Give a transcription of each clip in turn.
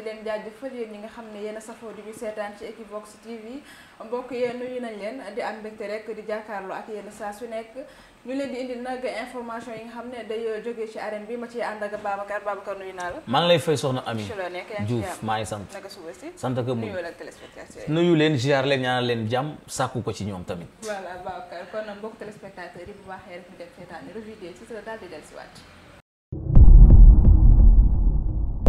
di leen jaajëfal yéen ñi nga xam ne yéen a safoo di seetaan ci Equivox TV mbokk yéen nuyu nañ leen di am mbégte rek di jàkkaarloo ak yéen saa su nekk ñu leen di indil nag information yi nga xam ne day jógee ci arène bi ma ci ànd ak Babacar Babacar nuyu naa la. maa ngi lay fay soxna Ami Diouf maa ngi sant naka suba si sant ak mu leen ziar leen ñaanal leen jàmm sàkku ko ci ñoom tamit. voilà Babacar kon mbokk téléspectateurs yi bu baaxee rek ñu dem seetaan revue des titres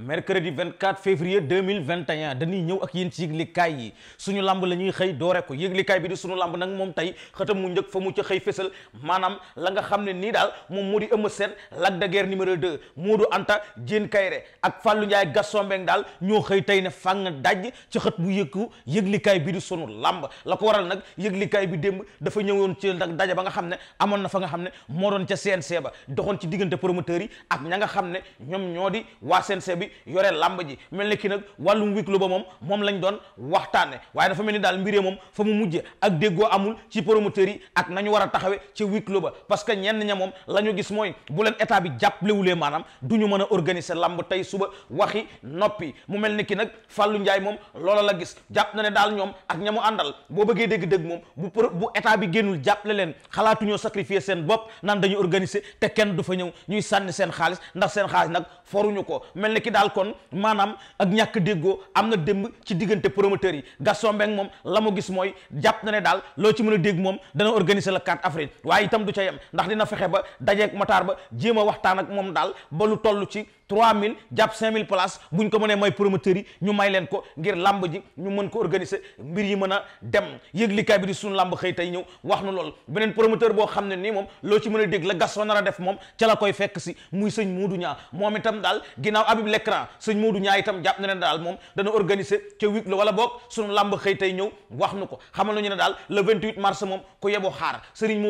mercredi 24 février 2021 dañuy ñëw ak yéen ci yëglikaay yi suñu làmb la ñuy xëy doore ko yëglikaay bi di suñu lamb nag moom tey xëtam mu njëkk fa mu ca xëy fesal maanaam la nga xam ne nii daal moom moo di Eumeu Sène Lac de Guiers numéro 2 Modou Anta Diène Kaïré ak Fallou Ndiaye Gaston Mbengue daal ñoo xëy tey ne fàng daj ci xët bu yëkku yëglikaay bi di sunu lamb la ko waral nag yëglikaay bi démb dafa ñëwoon ci nag daja ba nga xam ne amoon na fa nga xam ne moo doon ca CNC ba doxoon ci diggante promoteurs yi ak ña nga xam ne ñoom ñoo di waa CNC bi gi yore lamb ji mel ne ki nag wàllum wiklu ba moom moom lañ doon waxtaane waaye dafa mel ni daal mbiree moom fa mu mujje ak déggoo amul ci promoteurs yi ak nañu war a taxawe ci wiklu ba parce que ñenn ña moom la gis mooy bu leen état bi jàppalewulee maanaam du ñu mën a organiser lamb tey suba waxi noppi mu mel ni ki nag Fallou Ndiaye moom loola la gis jàpp na ne daal ñoom ak ñamu àndal boo bëggee dégg-dégg moom bu bu état bi génnul jàppale leen xalaatuñoo sacrifier seen bopp naan dañu organiser te kenn du fa ñëw ñuy sànni seen xaalis ndax seen xaalis nag daal kon maanaam ak ñàkk déggoo am na démb ci diggante promoteurs yi Gaston Mbengue moom la mu gis mooy jàpp na ne daal loo ci mën a dégg moom dana organiser la 4 avril waaye itam du ca yem ndax dina fexe ba dajeeg Matar ba jéem a waxtaan ak moom daal ba lu toll ci 3000 jàpp mille 5000 bu buñ ko mënee may promoteurs yi ñu may leen ko ngir làmb ji ñu mën ko organiser mbir yi mën a dem yëglikaay bi di suñu làmb xëy tey ñëw wax nu lool beneen promoteur boo xam ne nii moom loo ci mën a dégg la Gaston a def moom la koy fekk si muy sëñ Moodu ñaa l'écran sëñ Modou Ñaay itam na ne daal moom dana organiser ca huis clos wala boog sunu lamb ñëw wax nu ko xamal nañu ne daal le mars moom moo yeboo xaar sëriñ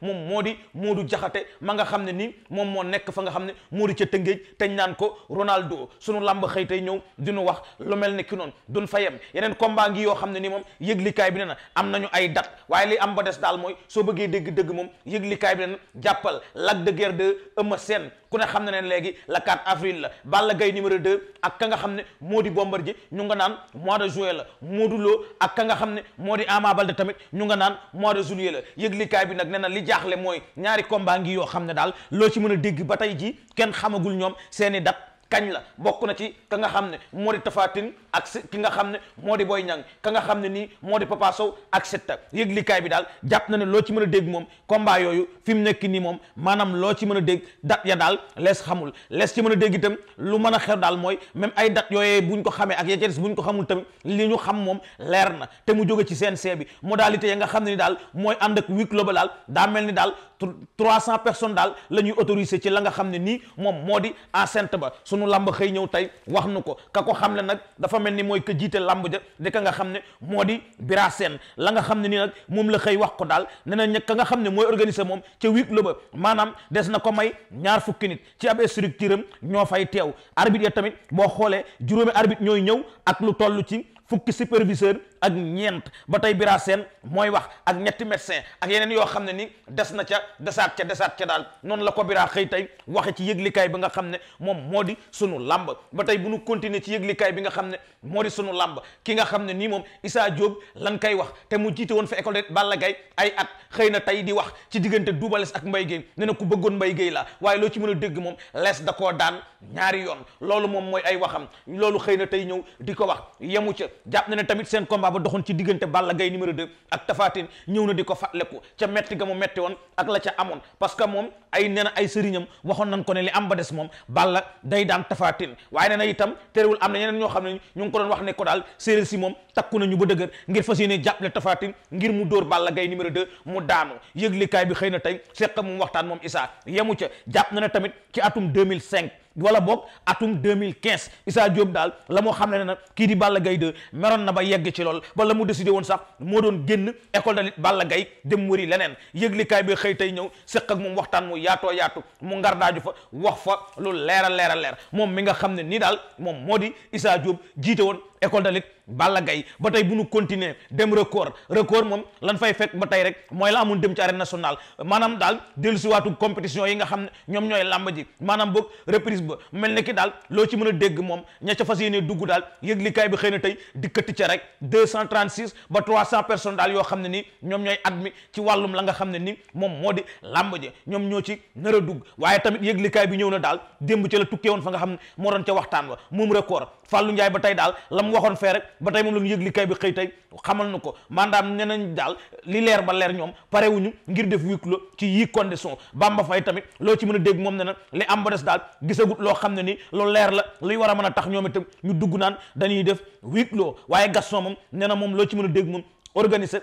Modou moo di Jaxate ma nga xam ne nii moom moo nekk fa nga xam ne moo di ca Tëngéej teñ naan ko Ronaldo sunu lamb xëy tey ñëw nu wax lu mel ne ki noonu duñ fa yem yeneen combat ngi yoo xam ne ni moom yëglikaay bi ne na am nañu ay date waaye li am ba des daal mooy soo bëggee dégg dëgg moom yëglikaay bi ne na jàppal Lac de Guiers 2 Eumeu ku ne xam ne ne léegi la 4 avril la Balla Gaye numéro 2 ak ka nga xam ne moo di Bombardier ñu nga naan mois de juin la Modou Lo ak ka nga xam ne moo di Ama Baldé tamit ñu nga naan mois de juillet la yëglikaay bi nag nee na li jaaxle mooy ñaari combat ngi yoo xam ne daal loo ci mën a dégg ba tey ji kenn xamagul ñoom seeni date kañ la bokk na ci ka nga xam ne moo di tafaatin ak ki nga xam ne moo di Boy Niang ka nga xam ne nii moo di Papa Sow ak Siteu yëglikaay bi daal jàpp na ne loo ci mën a dégg moom combat yooyu fi mu nekk nii moom maanaam loo ci mën a dégg date ya daal lees xamul lees ci mën a dégg itam lu mën a xew daal mooy même ay date yooyee buñ ko xamee ak yecedes buñ ko xamul tamit li ñu xam moom leer na te mu jóge ci CNG bi modalité ya nga xam ne ni mooy ànd ak huis clos daa mel ni daal trois cent personnes daal la ñuy autorisé ci la nga xam ne nii moom moo di enceinte ba sunu sunu làmb xëy ñëw tey wax nu ko ka ko xam nag dafa mel ni mooy ka jiite làmb ja di ka nga xam ne moo di Bira Sène la nga xam ne nii nag moom la xëy wax ko daal ne na ñëkk ka nga xam ne mooy organiser moom ca huis clos ba maanaam des na ko may ñaar fukki nit ci ab structure am ñoo fay teew arbitre ya tamit boo xoolee juróomi arbitre ñooy ñëw ak lu toll ci fukki superviseur ak ñeent ba tey bira seen mooy wax ak ñetti médecin ak yeneen yoo xam ne ni des na ca desaat ca desaat ca daal noonu la ko bira xëy tey waxe ci yëglikaay bi nga xam ne moom moo di sunu làmb ba tey bu nu continuer ci yëglikaay bi nga xam ne moo di sunu làmb ki nga xam ne nii moom Issa Diop lan kay wax te mu jiite woon fa école de Balla Gaye ay at xëy na tey di wax ci diggante Double Less ak Mbaye Guèye ne na ku bëggoon Mbaye Guèye laa waaye loo ci mën a dégg moom lees da koo daan ñaari yoon loolu moom mooy ay waxam loolu xëy na tey ñëw di ko wax ba doxoon ci diggante Balla gay numéro 2 ak Tapha ñëw na di ko fàttaliku ca metti ga mu metti woon ak la ca amoon parce que moom ay nee ay sëriñam waxoon nañ ko ne li am ba des moom Balla day daan Tapha waaye nee na itam terewul am na ñeneen ñoo xam ne ñu ngi ko doon wax ne daal séeréer si moom takku nañu ba dëgër ngir fa yéene jàppale Tapha Tine ngir mu dóor Balla Gaye numéro de mu daanu yëglikaay bi xëy na tey seq mu waxtaan moom Issa yemu ca jàpp na ne tamit ci atum 2005 wala boog atum 2015 Issa Diop daal la moo xam ne nag kii di Balla gay 2 meroon na ba yegg ci lool ba la mu décidé woon sax moo doon génn école de lutte Balla Gaye dem wëri leneen yëglikaay bi xëy tey ñëw séq ak moom waxtaan mu yaatoo yaatu mu ngar daaju fa wax fa lu leera leera leer moom mi nga xam ne nii daal moom moo di Issa Diop jiite woon école de lutte ba tey bu nu continuer dem record record moom lan fay fekk ba tey rek mooy la amun dem ci arène nationale maanaam daal dellusiwaatu compétition yi nga xam ne ñoom ñooy làmb ji maanaam boog reprise ba mel na ki daal loo ci mën a dégg moom ña ca fas yéene dugg daal yëglikaay bi xëy na tey dikkati ca rek deux cent trente six ba trois cent personnes daal yoo xam ne nii ñoom ñooy admis ci wàllum la nga xam ne nii moom moo di làmb ji ñoom ñoo ci nar a dugg waaye tamit yëglikaay bi ñëw na daal démb ca tukkee woon fa nga xam moo doon ca waxtaan wa moom record Fallou Ndiaye ba tey daal la mu waxoon fee rek ba tey moom la ñu yëgli kay bi xëy tey xamal na ko maanaam nee nañ daal li leer ba leer ñoom parewuñu ngir def huis clos ci yi condition Bamba Faye tamit loo ci mën a dégg moom ne na li am ba des daal gisagut loo xam ne ni lu leer la luy war a mën a tax ñoom itam ñu dugg naan dañuy def huis clos waaye Gaston moom nee na moom loo ci mën a dégg moom organiser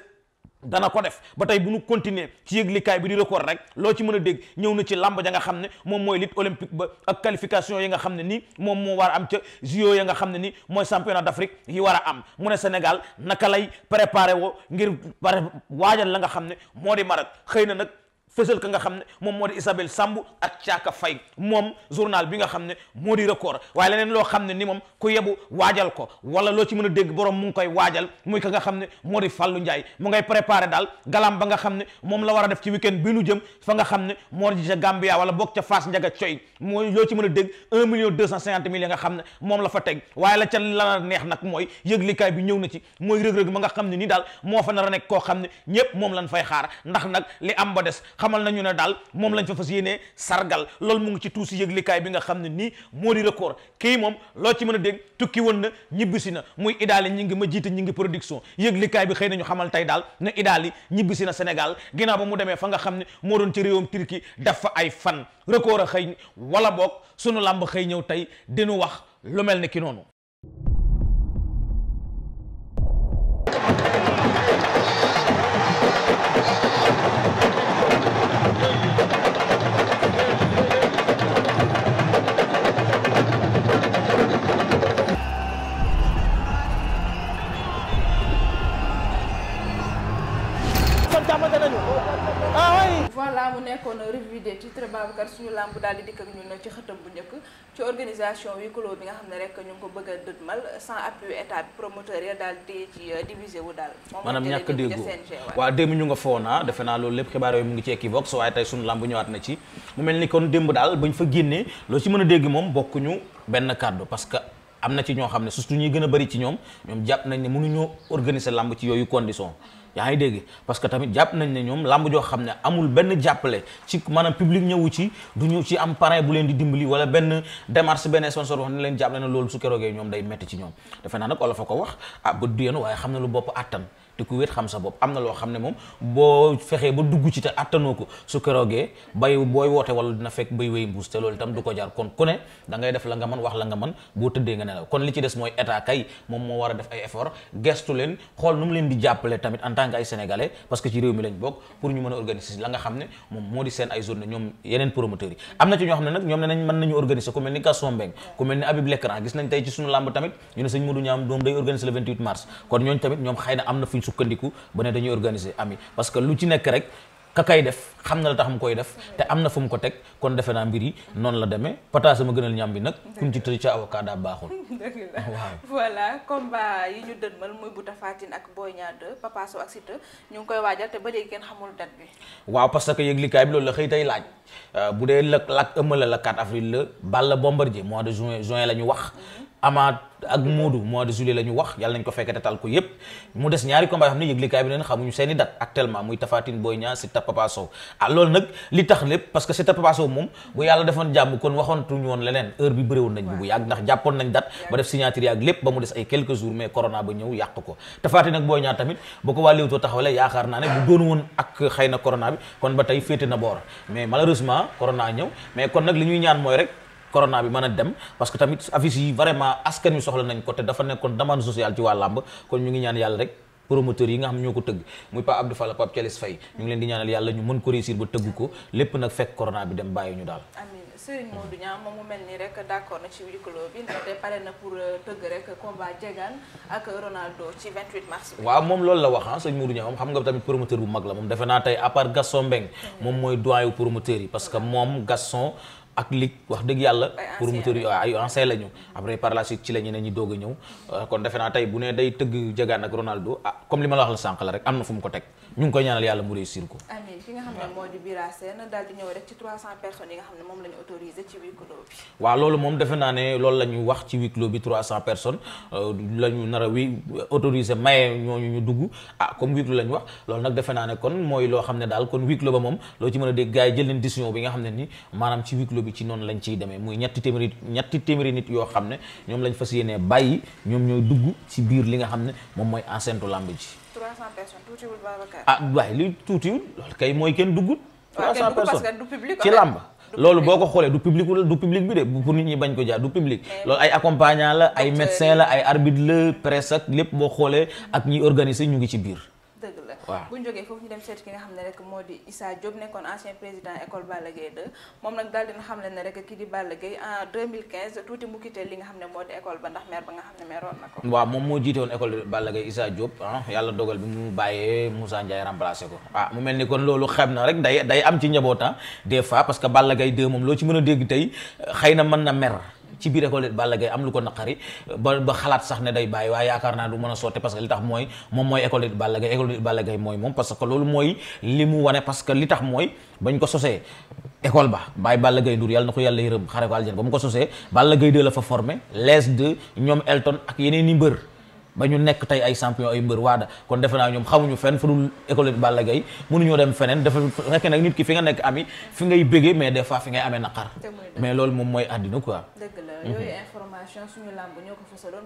dana ko def ba tey bu ñu continuer ci yëglikaay bi di record rek loo ci mën a dégg ñëw na ci làmb ja nga xam ne moom mooy lutte olympique ba ak qualification yi nga xam ne nii moom moo war a am ca JO ya nga xam ne nii mooy championnat d'Afrique yi war a am mu ne Sénégal naka lay préparé wo ngir pare waajal la nga xam ne moo di marat xëy na nag fësal ka nga xam ne moom moo di Isabelle Samb ak Caaka Fay moom journal bi nga xam ne moo di record waaye leneen loo xam ne ni moom ku yebu waajal ko wala loo ci mën a dégg borom mu ngi koy waajal muy ka nga xam ne moo di Fàllu Njaay mu ngay préparé daal galam ba nga xam ne moom la war a def ci week bi nu jëm fa nga xam ne moo di ca Gambia wala boog ca Fass Njaga Coy moo loo ci mën a dégg un million deux cent cinquante mille nga xam ne moom la fa teg waaye la ca la neex nag mooy yëglikaay bi ñëw na ci mooy rëg-rëg ma nga xam ne nii daal moo fa nar a nekk koo xam ne ñëpp moom lan fay xaar ndax nag li am ba des xamal nañu ne daal moom lañ fa fas yéenee sargal loolu mu ngi ci tuusi yëglikaay bi nga xam ne nii moo di record kii moom loo ci mën a dégg tukki woon na ñibbisi na muy idaali ñi ngi ma jiite ñi ngi production yëglikaay bi xëy nañu xamal tey daal ne idaali ñibbisi na Sénégal ginnaaw ba mu demee fa nga xam ne moo doon ci réewam Turquie def fa ay fan record a xëy wala boog sunu làmb xëy ñëw tey dinu wax lu mel ni ki noonu Babacar suñu làmb daal di dikk ak ñun ci xëtam bu njëkk ci organisation huis clos bi nga xam ne rek ñu ngi ko bëgg a dëdmal sans appui état bi promoteur ya daal di ci euh, divisé wu daal maanaam ñàkk déggoo waaw démb ñu nga foona ah, defe naa loolu lépp xibaar yooyu mu ngi ci Equivox waaye tey suñu làmb at na ci mu mel ni kon démb daal bañ fa génnee loo ci mën a dégg moom bokkuñu benn kàddu parce que am na ci ñoo xam ne surtout ñuy gën a bari ci ñoom ñoom jàpp nañ ne mënuñoo organiser làmb ci yooyu condition yaa ngi dégg parce que tamit jàpp nañ ne ñoom làmb joo xam ne amul benn jàppale ci maanaam public ñëwu ci du ñu ci am parrain bu leen di dimbali wala benn démarche benn sponsor wax ne leen jàppale ne loolu su keroogee ñoom day metti ci ñoom defe naa nag olof a ko wax a ah, bët du yéen waaye xam ne lu bopp attan te ku wéet xam sa bopp am na loo xam ne moom boo fexee ba dugg ci te attanoo ko su keroogee bay booy woote wala dina fekk bay wéy mbuus te loolu itam du ko jaar kon ku ne da def la nga mën wax la nga mën boo tëddee nga nelaw kon li a def tamit ñoom yeneen promoteurs am na ci ñu ne sukkandiku ba ne dañuy organiser ami parce que lu ci nekk rek ka kay def xam na la tax mu koy def te am na fu mu ko teg kon defe naa mbir yi noonu la demee pata sama gënal ñam bi nag kuñ ci tëj ca avocat daa baaxul dëgg la waaw voilà combat yi ñu muy bu tafaatin ak Boy Niang 2 Papa Sow ak ñu ngi koy waajal te ba léegi kenn xamul date bi waaw parce que yëglikaay bi loolu la xëy tey laaj euh, bu dee la lak ëmmale la 4 avril la Balla Bombardier mois de join juin la ñu wax mhm. amaat ak Moodu mois de juillet la wax yàlla nañ ko fekkete tal ko yépp mu des ñaari combat yoo xam ne yëglikaay bi neen xamuñu seeni date actuellement muy Tafatine Boy Niang Siteu Papa Sow ah loolu nag li tax lépp parce que Siteu Papa Sow moom bu yàlla defoon jàmm kon waxoontuñu woon leneen heure bi bëréwoon nañ bi bu yàgg ndax jàppoon nañ date ba def signature yaak lépp ba mu des ay quelques jours mais corona ba ñëw yàq ko Tafatine ak Boy Niang tamit ba ko waa naa ne kon na boor mais malheureusement mooy rek corona bi mën a dem parce que tamit affiche yi vraiment askan wi soxla nañ ko te dafa nekkoon demande sociale ci waa làmb kon ñu ngi ñaan yàlla rek promoteurs yi nga xam ko tëgg muy Pape Abdou Fall Pape Thialis Faye ko lépp nag fekk corona dem bàyyi ñu daal Serigne Modou Niang rek d'accord na ci wiikaloo bi ndaxte pare na pour euh, tëgg rek combat Diegane ak loolu la wax ah Serigne Modou Niang moom xam nga tamit promoteur bu mag la moom defe naa tey à part Gaston Mbengue moom mooy doyen promoteur yi parce que moom Gaston. ak lig wax dëgg yàlla promoteur yi ay ancien la ñu après par la suite ci la ñeneen ñi doog a ñëw euh, kon defe naa tey bu ne ah, li ma la ñu ngi koy ñaanal yàlla mu réussir ko amiin ki nga ñu loolu moom defe naa ne loolu la ñu wax ci huis clos bi 300 personnes euh, la ñu a wi autorisé ñooñu ñu dugg ah comme huis clos la wax loolu nag defe naa ne kon mooy loo xam ne daal kon huis clos ba moom loo ci mën a dégg gars jël leen décision bi nga xam ne ni maanaam ci huis bureau bi ci noonu lañ ciy demee muy ñetti téeméeri ñetti téeméeri nit yoo xam ne ñoom lañ fas yéenee bàyyi ñoom ñooy dugg ci biir li nga xam ne moom mooy enceinte lamb ji. 300 personnes tuutiwul ah waaye li tuutiwul loolu kay mooy kenn duggut. 300 personnes ci lamb loolu boo ko xoolee du public du public bi de pour nit ñi bañ ko jaar du public loolu ay accompagnant la ay médecin la ay arbitre la presse ak lépp boo xoolee ak ñiy organiser ñu ngi ci biir waaw bu ñu jógee foofu ñu dem seet ki nga xam ne rek moo di Issa Diop nekkoon ancien président école Balla Gaye 2 moom nag daal dina xam leen ne rek kii di Balla Gaye en 2015 tuuti mu quitté li nga xam ne moo di école ba ndax maire moo jiite woon école Balla Gaye Issa Diop ah yàlla dogal bi mu bàyyee Moussa Ndiaye remplacé ko ah mu mel ni kon loolu xam na rek day day am ci njabootam ah, des fois parce que Balla gay 2 moom loo ci mën a dégg tey xëy na mën na mer ci biir école Balla Gaye am lu ko naqari ba ba xalaat sax ne day bàyyi waaye yaakaar naa du mën a sotti parce que li tax mooy moom mooy école Balla Gaye école Balla Gaye mooy moom parce que loolu mooy li mu wane parce que li tax mooy bañ ko sosee école ba bàyyi Balla Gaye Ndour yàlla na ko yàlla yërëm xare ko aljana ba mu ko sosee Balla Gaye 2 la fa formé les de ñoom Elton ak yeneen i mbër ba ñu nekk tey ay champion ay mbër waada kon defe naa ñoom xamuñu fenn fu dul école Balla Gaye mënuñoo dem feneen dafa nekk nag nit ki fi nga nekk ami fi ngay bëggee mais des fois fi ngay amee naqar mais loolu moom mooy àddina quoi dëgg la mhm. ko fasaloon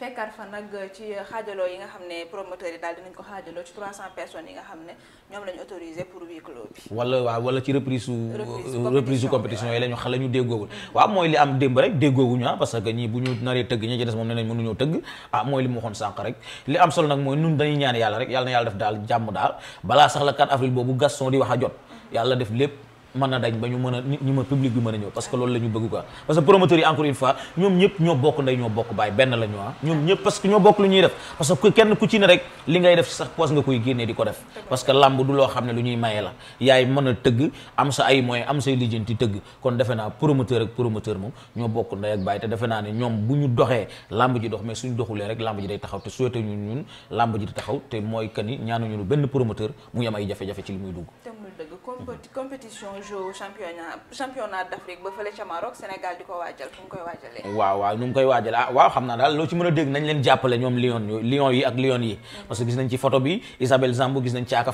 fekkar fa nag ci xaajaloo yi nga xam ne promoteurs yi daal dinañ ko xaajaloo ci 300 personnes yi nga xam ne ñoom la ñu pour huis clos bi. wala waaw wala ci reprise su. reprise su euh, compétition yi la ñu xam la ñu déggoowul. waaw mooy li am démb rek déggoowuñu ah parce que ñii bu ñu naree tëgg ñi ci des moom nee nañ mënuñoo tëgg ah mooy li mu waxoon sànq rek li am solo nag mooy nun dañuy ñaan yàlla rek yàlla na yàlla def daal jàmm daal balaa sax la 4 avril boobu Gaston di a jot mm-hmm. yàlla def lépp mën na dañ ba ñu mën a ñu ma bi mën a ñëw parce que loolu la ñu bëgg quoi parce que promoteurs yi encore une fois ñoom ñëpp ñoo bokk nday ñoo bokk baay ah. ku ci rek li ngay def ci sax poos ko def parce que làmb du loo xam ne lu ñuy maye la a ay moyens am say lijjanti tëgg kon defe naa promoteur ak promoteur moom ñoo bokk nday ak baay te defe naa ne ñoom bu ñu doxee làmb ji dox mais suñ doxulee rek làmb ji day taxaw te souhaité ñun ñun làmb ji di taxaw te mooy kan yi ñaanuñu benn promoteur mu yem ay jafe-jafe ci li muy dugg dëgg compétition jeu championnat championnat d'Afrique ba fële ca Maroc Sénégal di ko waajal fu mu koy waajalee waaw waaw nu mu koy waajale ah waaw xam naa daal loo ci mën a dégg nañ leen jàppale ñoom Lion Lion yi ak Lion yi mm-hmm. parce que gis nañ ci photo bi Isabelle Zambou gis nañ ci Aka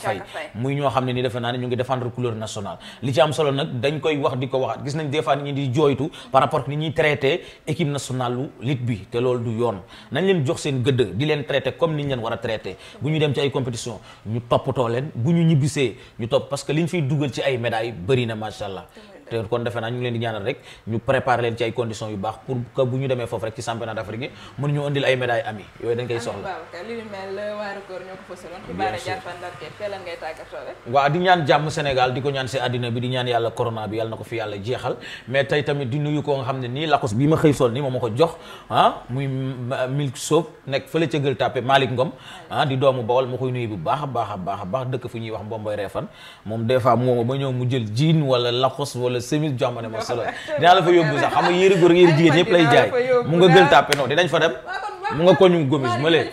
muy ñoo xam ne ni defe naa ñu ngi défendre couleur nationale li ci am solo nag dañ koy wax di ko waxaat gis nañ des fois nit di jooytu par rapport ni ñuy traité équipe nationale liñ fiy dugal ci ay médailles bari na macha te kon defe naa ñu ngi leen di ñaanal rek ñu préparer leen ci ay conditions yu baax pour que bu ñu demee foofu rek ci championnat d'Afrique mën di ñaan jàmm Sénégal di ko ñaan si àddina bi di fi yàlla jeexal mais tey tamit di nuyu ko xam ne nii lakos bi ma xëy moom ma ko jox ah muy milk soap nekk fële ca Gueule Tapée Malick Ngom ah di doomu Bawol ma koy bu baax a baax a baax a baax dëkk fu ñuy wax Mbomboy Refan ñëw mu jël jean wala lakos wala la semis jàmm ne ma solo dinaa la fa yóbbu sax xam nga yëri góor yëri jigéen ñëpp lay jaay mu nga gël tàppe non dinañ fa dem mu nga koñu gomis ma lee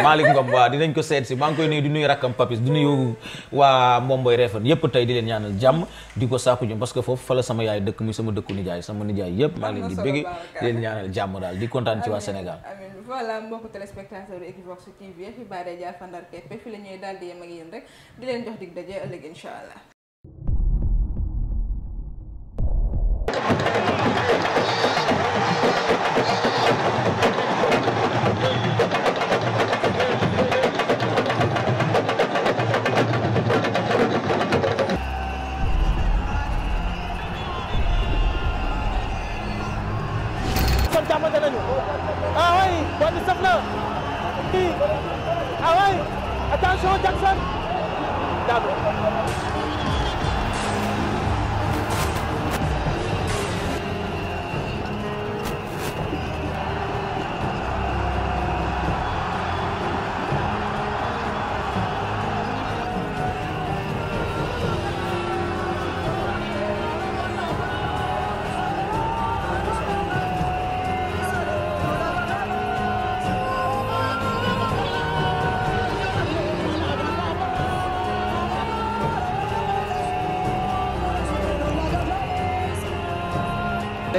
Ngom waa dinañ ko seet si maa ngi koy nuyu di nuyu rakkam papis di nuyu waa Mbomboy Refane yëpp tey di leen ñaanal jàmm di kontaan ci waa Sénégal nañu ah oui bon saf na kii ah oui attention Jackson d'accord